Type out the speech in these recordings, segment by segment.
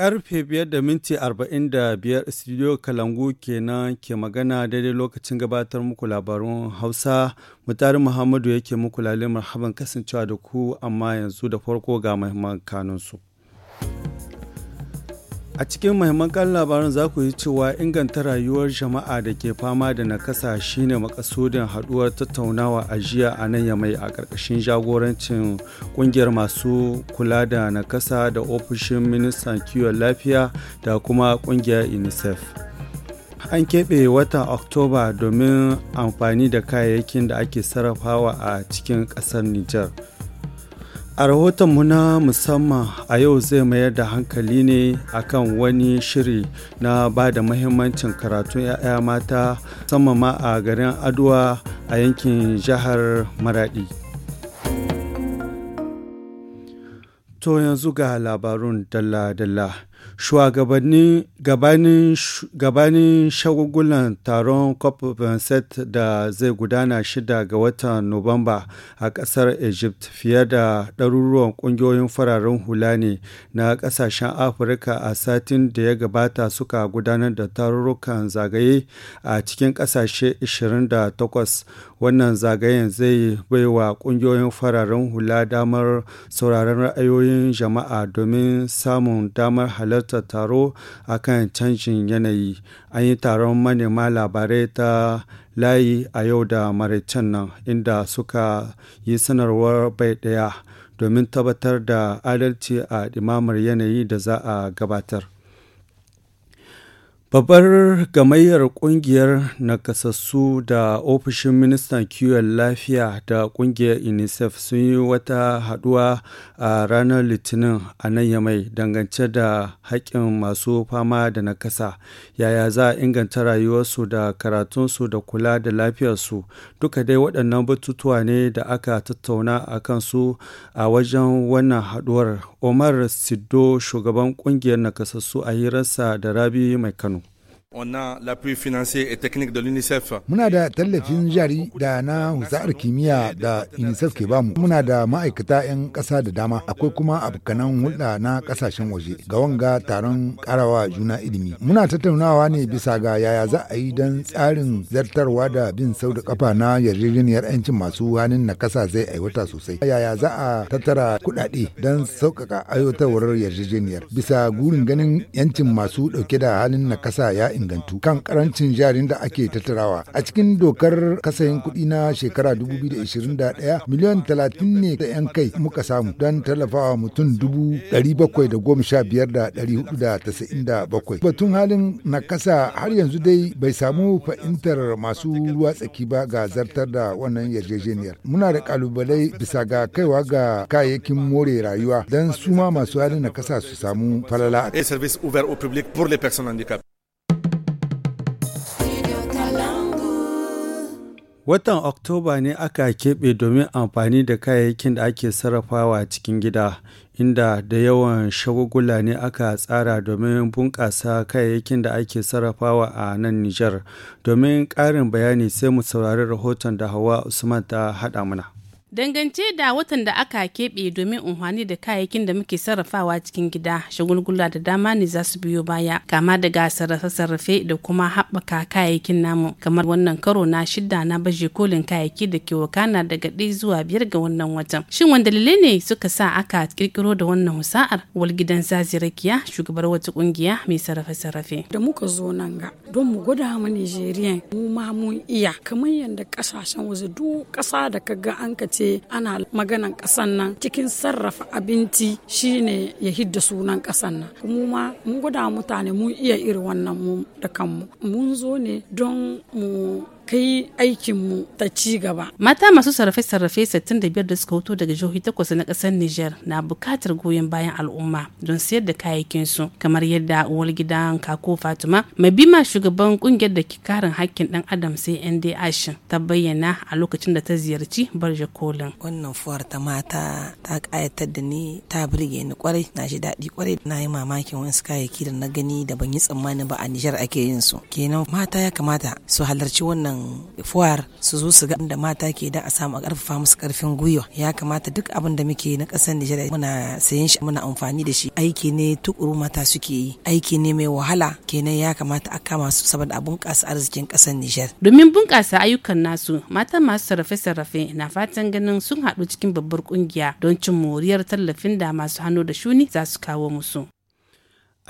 Karfe biyar da minti arba'in da biyar studio Kalangu kenan ke magana daidai lokacin gabatar muku labarun Hausa. Mutari Muhammadu yake muku lalimar haban kasancewa da ku amma yanzu da farko ga mahimman kanunsu. A cikin mahimman kan labaran za ku yi cewa inganta rayuwar jama'a da ke fama da nakasa shine makasudin haduwar tattaunawa a jiya a nan ya mai a ƙarƙashin jagorancin ƙungiyar masu kula da nakasa da ofishin ministan kiwon lafiya da kuma ƙungiyar UNICEF. An keɓe watan Oktoba domin amfani da kayayyakin da ake sarrafawa a cikin ƙasar Nijar. A rahotonmu na musamman a yau zai mayar da hankali ne akan wani shiri na ba da mahimmancin karatun 'ya'ya mata musamman ma a garin aduwa a yankin jihar Maradi. To yanzu ga labarun dalla-dalla. shugabannin gabanin shagugulan taron cop 27 da zai gudana shida ga watan nuwamba a kasar egypt fiye da ɗaruruwan ƙungiyoyin fararen hula ne na ƙasashen afirka a satin da ya gabata suka gudanar da tarurrukan zagaye a cikin ƙasashe 28 wannan zagayen zai baiwa ƙungiyoyin fararen hula damar sauraron ra'ayoyin jama'a domin samun damar hal halartar taro a kan canjin yanayi an yi taron manema labarai ta layi a yau da maraicen nan inda suka yi sanarwar bai ɗaya domin tabbatar da adalci a ɗimamar yanayi da za a gabatar. Babbar gamayyar kungiyar nakasassu da ofishin ministan kiwon lafiya da kungiyar UNICEF sun yi wata haduwa a ranar Litinin a nan yamai dangance da haƙƙin masu fama da nakasa. Yaya za a inganta rayuwarsu da karatunsu da kula da lafiyarsu. Duka dai waɗannan batutuwa ne da aka tattauna a kansu a wajen wannan haduwar. Omar Siddo shugaban kungiyar nakasassu a hirarsa da Rabi mai Kano. Muna da tallafin jari da na huzar kimiyya da UNICEF ke bamu. Muna da ma'aikata 'yan ƙasa da dama. Akwai kuma abokanan hulɗa na ƙasashen waje ga wanga taron karawa juna ilimi. Muna tattaunawa ne bisa ga yaya za a yi don tsarin zartarwa da bin sau da kafa na yarjejeniyar 'yancin masu hannun na ƙasa zai aiwata sosai. Yaya za a tattara kuɗaɗe don sauƙaƙa aiwatarwar yarjejeniyar bisa gurin ganin 'yancin masu ɗauke da halin na ƙasa ya ingantu kan karancin jarin da ake tattarawa. A cikin dokar kasayin kuɗi na shekara 2021 miliyan 30 ne da 'yan kai muka samu don tallafawa mutum 715,497. Batun halin na kasa har yanzu dai bai samu fahimtar masu ruwa tsaki ba ga zartar da wannan yarjejeniyar. Muna da kalubalai bisa ga kaiwa ga kayayyakin more rayuwa don suma masu halin na kasa su samu falala. a service ouverts au public pour les personnes handicapées. Watan Oktoba ne aka keɓe domin amfani da kayayyakin da ake sarrafawa cikin gida, inda da yawan shagugula ne aka tsara domin bunƙasa kayayyakin da ake sarrafawa a nan Nijar. Domin ƙarin bayani sai mu saurari rahoton da Hawa Usman ta haɗa mana. Dangance da watan da aka keɓe domin unhwani da kayayyakin da muke sarrafawa cikin gida, shagulgula da dama ne za su biyo baya, kama daga sarrafe-sarrafe da kuma haɓaka kayayyakin namu, kamar wannan karo na shida na baje kolin kayayyaki da ke wakana daga ɗaya zuwa biyar ga wannan watan. Shin wanda dalilai ne suka sa aka kirkiro da wannan husa'ar? Walgidan Zazirakiya, shugabar wata ƙungiya mai sarrafe-sarrafe. Da muka zo nan ga, don mu gwada ma Nijeriya mu ma mun iya, kamar yadda ƙasashen wasu duk ƙasa da ka ga an ka sai ana maganan kasan nan cikin sarrafa abinci shine ya hidda sunan kasan nan mu ma mun guda mutane mun iya irin wannan mu da kanmu mun zo ne don mu kai aikinmu ta ci gaba. Mata masu sarrafe-sarrafe 65 da suka hoto daga jihohi takwas na ƙasar Nijar na buƙatar goyon bayan al'umma don sayar da su kamar yadda uwar gidan Kako mai ma shugaban ƙungiyar da ke karin haƙƙin ɗan Adam sai NDH ta bayyana a lokacin da ta ziyarci Barja Kolin. Wannan fuwar ta mata ta ƙayatar da ni ta birge ni kwarai na ji daɗi kwarai na yi mamakin wasu kayayyaki da na gani da ban yi tsammani ba a Nijar ake yin su. Kenan mata ya kamata su halarci wannan fuwar su zo su ga inda mata ke da a samu karfafa musu karfin gwiwa ya kamata duk abin da muke na kasar Nijar muna sayan shi muna amfani da shi aiki ne tukuru mata suke yi aiki ne mai wahala kenan ya kamata a kama su saboda a bunƙasa arzikin kasar Nijar domin bunƙasa ayyukan nasu mata masu sarrafe-sarrafe na fatan ganin sun haɗu cikin babbar kungiya don cin moriyar tallafin da masu hannu da shuni za su kawo musu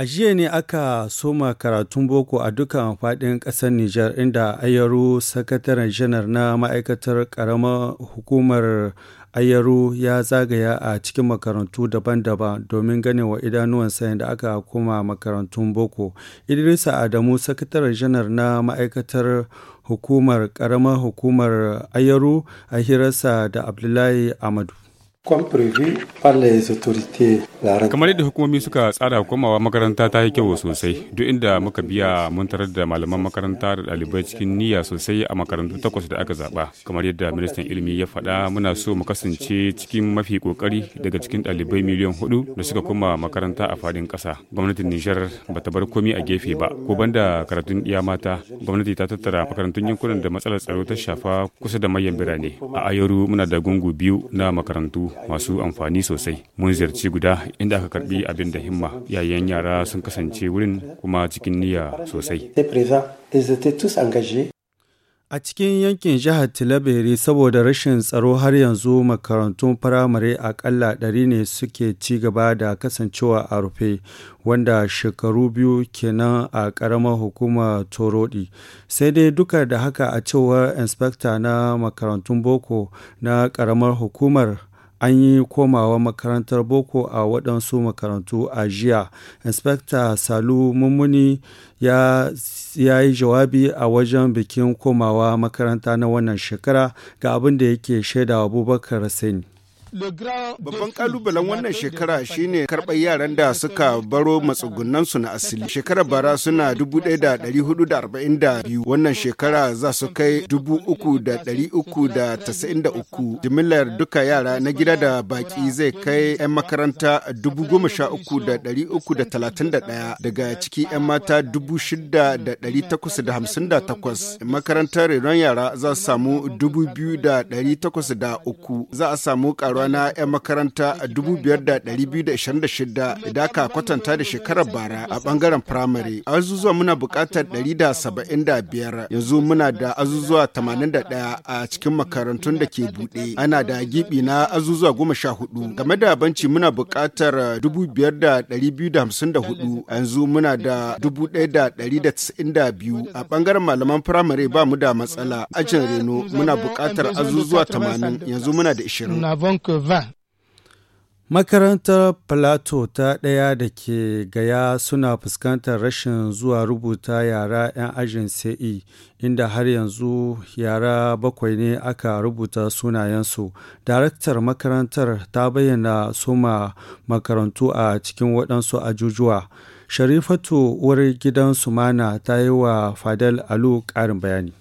A jiya ne aka soma karatun boko a dukkan faɗin ƙasar Nijar inda ayaru sakataren janar na ma'aikatar ƙaramar hukumar ayaru ya zagaya a cikin makarantu daban-daban domin ganin wa idanuwan sayan da aka koma makarantun boko. Idrisa Adamu sakataren janar na ma'aikatar hukumar ƙaramar hukumar ayaru a hirarsa da Abdullahi Amadu. Kamar yadda hukumomi suka tsara komawa makaranta ta yi kyau sosai, duk inda muka biya mun tarar da malaman makaranta da ɗalibai cikin niyya sosai a makarantu takwas da aka zaɓa. Kamar yadda ministan ilimi ya faɗa muna so mu kasance cikin mafi ƙoƙari daga cikin ɗalibai miliyan hudu da suka koma makaranta a fadin ƙasa. Gwamnatin Nijar ba ta bar komi a gefe ba, ko banda karatun iya mata, gwamnati ta tattara makarantun yankunan da matsalar tsaro ta shafa kusa da manyan birane. A Ayaru muna da gungu biyu na makarantu masu amfani sosai mun ziyarci guda inda aka karbi abin da himma yayin yara sun kasance wurin kuma cikin niyya sosai A cikin yankin jihar tilabere saboda rashin tsaro har yanzu makarantun firamare akalla ɗari ne suke ci gaba da kasancewa a rufe wanda shekaru biyu kenan a ƙaramar hukumar Torodi. Sai dai duka da haka a cewar inspector na makarantun boko na ƙaramar hukumar an yi komawa makarantar boko a waɗansu makarantu a jiya inspector salu mummuni ya yi jawabi a wajen bikin komawa makaranta na wannan shekara ga abin da yake shaida abubakar sani Babban kalubalen wannan shekara shine karɓar yaran da suka baro matsugunansu na asili. Shekarar bara suna 1,442 wannan shekara za su kai 3,393. Jimillar duka yara na gida da baki zai kai 'yan makaranta 13,331 daga ciki 'yan mata 6,858. Makarantar renon yara za su samu 2,803. Za a samu ƙaruwa koyarwa na 'yan makaranta a 5,226 idan ka kwatanta da shekarar bara a bangaren firamare. A azuzuwa muna buƙatar 175 yanzu muna da azuzuwa 81 a cikin makarantun da ke buɗe. Ana da gibi na azuzuwa 14. Game da banci muna buƙatar 5,254 yanzu muna da 1,192 a bangaren malaman firamare ba mu da matsala. Ajin reno muna buƙatar azuzuwa 80 yanzu muna da 20. Makarantar Plato ta ɗaya da ke gaya suna fuskantar rashin zuwa rubuta yara 'yan ajin CE, inda har yanzu yara bakwai ne aka rubuta sunayensu. Daraktar makarantar ta bayyana suma makarantu a cikin waɗansu ajujuwa. Sharifatu wurin gidan Sumana ta yi wa Fadel Alu ƙarin bayani.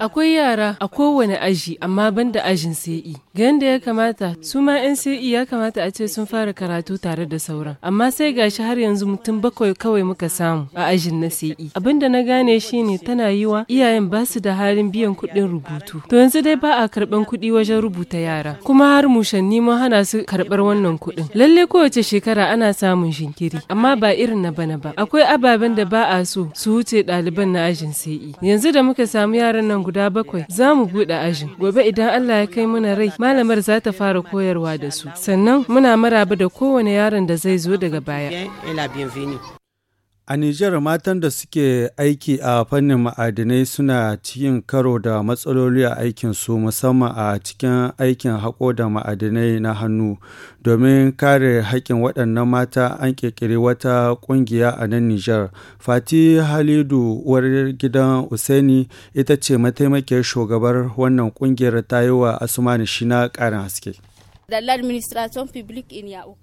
Akwai yara a kowane aji amma banda ajin sai e. ga yadda ya kamata su ma 'yan sai e ya kamata a ce sun fara karatu tare da sauran amma sai gashi har yanzu mutum bakwai kawai muka samu a ajin na sai e. abinda na gane shi ne tana yiwa iyayen ba su da halin biyan kuɗin rubutu to yanzu dai ba a karɓan kuɗi wajen rubuta yara kuma har mushanni mun hana su karɓar wannan kuɗin lalle kowace shekara ana samun shinkiri amma ba irin na bana ba akwai ababen da ba a so su wuce ɗaliban na aji ajin sai yanzu da muka samu yaran nan guda bakwai za mu buɗe ajin gobe idan Allah ya kai muna rai malamar za ta fara koyarwa da su sannan muna maraba da kowane yaron da zai zo daga baya A Nijar matan da suke aiki a fannin ma'adinai suna cikin karo da matsaloli a aikinsu musamman a cikin aikin haƙo da ma'adinai na hannu. Domin kare haƙƙin waɗannan mata an ƙirƙiri wata ƙungiya a nan Nijar. Fati Halidu uwar gidan Usaini ita ce mataimakiyar shugabar wannan ƙungiyar ta yi wa Asumani Shina ƙarin haske.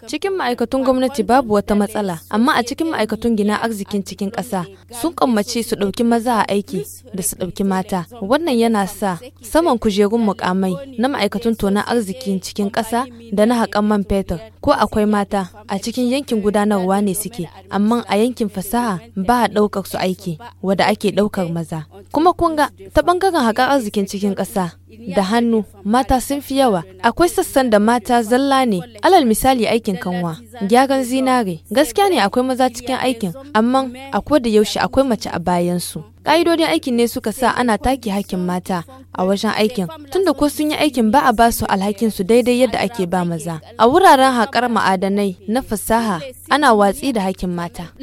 Cikin ma'aikatun gwamnati babu wata matsala, amma a cikin ma'aikatun gina arzikin cikin ƙasa sun kammace su ɗauki maza a aiki da su ɗauki mata. Wannan yana sa saman kujerun mukamai na ma'aikatun tonon arzikin cikin ƙasa da na haƙan man fetur ko akwai mata a cikin yankin gudanarwa ne suke, amma a yankin fasaha ba a ɗaukar su aiki wadda ake ɗaukar maza. Kuma kun ta ɓangaren haƙar arzikin cikin ƙasa da hannu mata sun fi yawa akwai sassan da mata zalla ne alal misali aikin kanwa gyaran zinare gaskiya ne akwai maza cikin aikin amma akwai da yaushe akwai mace a bayansu ƙa'idodin aikin ne suka sa ana take hakkin mata a wajen aikin tunda ko sun yi aikin ba a ba su alhakin su daidai yadda ake ba maza a wuraren haƙar ma'adanai na fasaha ana watsi da hakkin mata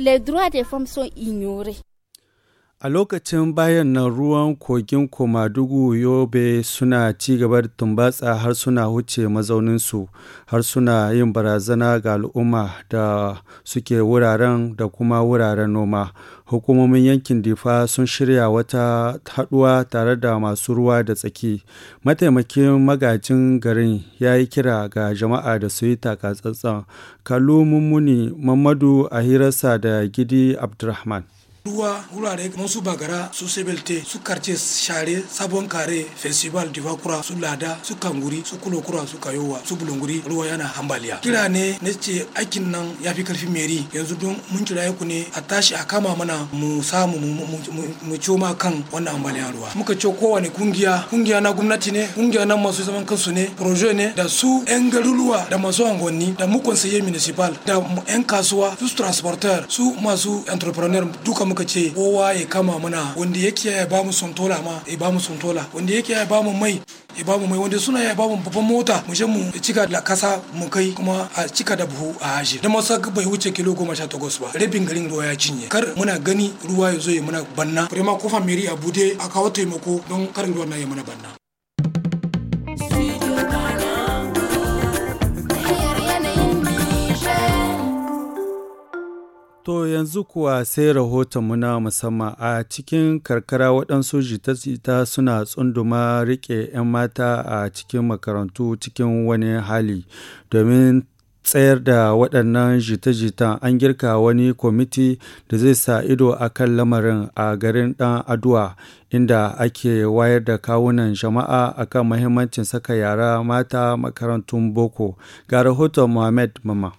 A lokacin bayan nan ruwan kogin Komadugu Yobe suna ci gaba da tumbatsa har suna wuce mazauninsu har suna yin barazana ga al'umma da suke wuraren da kuma wuraren noma. Hukumomin yankin Difa sun shirya wata haɗuwa tare da masu ruwa da tsaki. Mataimakin magajin garin ya yi kira ga jama'a da su yi takatsantsan. Kalu Mummuni Mamadu a da Gidi Abdurrahman. ruwa wurare masu bagara su sebelte su karce share sabon kare festival divakura su lada su kanguri su kulokura su kayowa su bulunguri ruwa yana hambaliya kira ne na ce aikin nan ya fi karfin meri yanzu don mun kira ku ne a tashi a kama mana mu samu mu coma kan wannan ambaliyar ruwa muka ce kowane kungiya kungiya na gwamnati ne kungiya na masu zaman kansu ne projo ne da su yan garuruwa da masu angonni da mu conseiller municipal da yan kasuwa su transporter su masu entrepreneur duka muka ce kowa ya kama muna wanda ya kiyaye ba mu sontola ma ya mu sontola wanda ya kiyaye ba mu mai ya mu mai wanda suna ya mu babban mota mu je mu cika da kasa mu kai kuma a cika da buhu a haji da masa bai wuce kilo goma sha takwas ba rabin garin ruwa ya cinye kar muna gani ruwa ya zo ya muna banna firma kofa miri a bude a kawo taimako don karin ruwa na ya muna banna To yanzu kuwa sai rahotonmu na musamman a cikin karkara waɗansu jita-jita suna tsunduma riƙe 'yan mata a cikin makarantu cikin wani hali domin tsayar da waɗannan jita-jita an girka wani kwamiti da zai sa ido a kan lamarin a garin ɗan aduwa inda ake wayar da kawunan jama'a a kan mahimmancin saka yara mata makarantun boko ga rahoton mohamed mama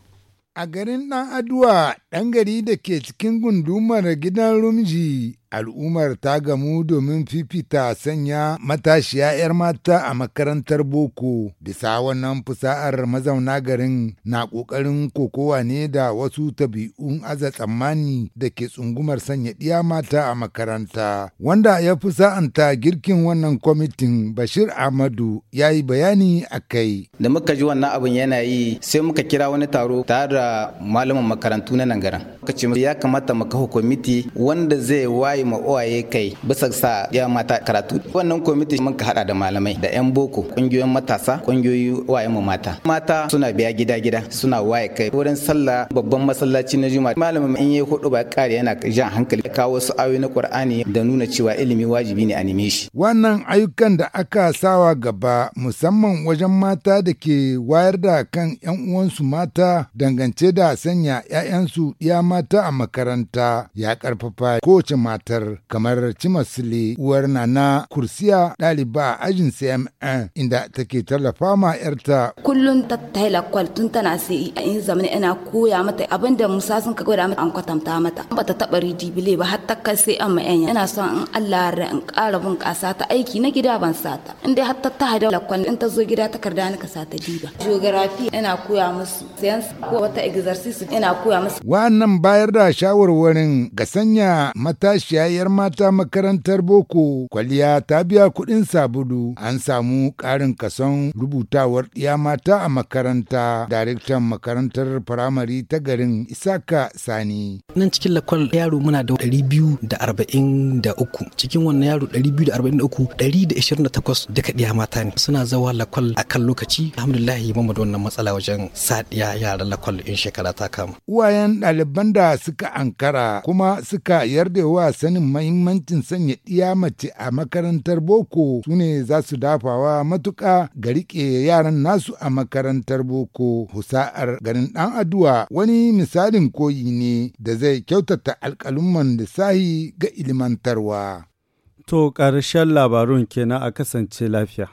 a garin ɗan aduwa ɗan gari da ke cikin gundumar gidan rumji al'ummar ta gamu domin fifita sanya matashiya 'yar mata a makarantar boko bisa wannan fusa'ar mazauna garin na ƙoƙarin kokowa ne da wasu tabi'un aza tsammani da ke tsungumar sanya ɗiya mata a makaranta wanda ya fusa'anta girkin wannan kwamitin bashir ahmadu ya yi bayani a kai da muka ji wannan abin yana yi sai muka kira wani taro tare da malaman makarantu na nan garin ya kamata mu kafa kwamiti wanda zai waye waye ma uwaye kai bisa sa ya mata karatu wannan kwamiti mun ka hada da malamai da yan boko kungiyoyin matasa kungiyoyi uwaye mu mata mata suna biya gida gida suna waye kai wurin sallah babban masallaci na juma'a malamin in yayi hudu ba kare yana jan hankali kawo su ayoyi na qur'ani da nuna cewa ilimi wajibi ne a neme shi wannan ayyukan da aka sawa gaba musamman wajen mata da ke wayar da kan yan uwansu mata dangance da sanya 'ya'yansu ya mata a makaranta ya karfafa kowace mata makarantar kamar Cimasile uwar Nana Kursiya ɗaliba a ajin CMN inda take tallafa ma 'yarta. Kullum ta taila kwal tun tana sai e a yin zamani ina koya mata abin da Musa sun ka gwada mata an kwatanta mata. Ba ta taɓa bile ba har ta kai sai e an ma'yan yana son in Allah ya in ƙara ƙasa ta aiki na gida ban sata. ta. dai har ta ta da kwal in ta zo gida ta takarda ni ka ta diba. Geography ina koya musu science ko wata exercise ina koya musu. Wannan bayar da shawarwarin ga sanya matashiya yayar mata makarantar boko kwalliya ta biya kuɗin sabulu an samu ƙarin kason rubutawar ɗiya mata a makaranta daraktan makarantar firamare ta garin isaka sani nan cikin lakwal yaro muna da biyu da da arba'in uku. cikin wannan yaro biyu da da da arba'in uku da takwas duka ɗiya mata ne suna zawa lakwal a kan lokaci alhamdulillahi ba da wannan matsala wajen saɗiya yaran lakwal in shekara ta kama uwayen ɗaliban da suka ankara kuma suka yarda wa sanin mahimmancin sanya ɗiya mace a makarantar boko su ne za su dafawa matuƙa ga riƙe yaran nasu a makarantar boko husa'ar garin ɗan aduwa wani misalin koyi ne da zai kyautata alƙalumman lissahi ga ilimantarwa. To ƙarshen labarun kenan a kasance lafiya.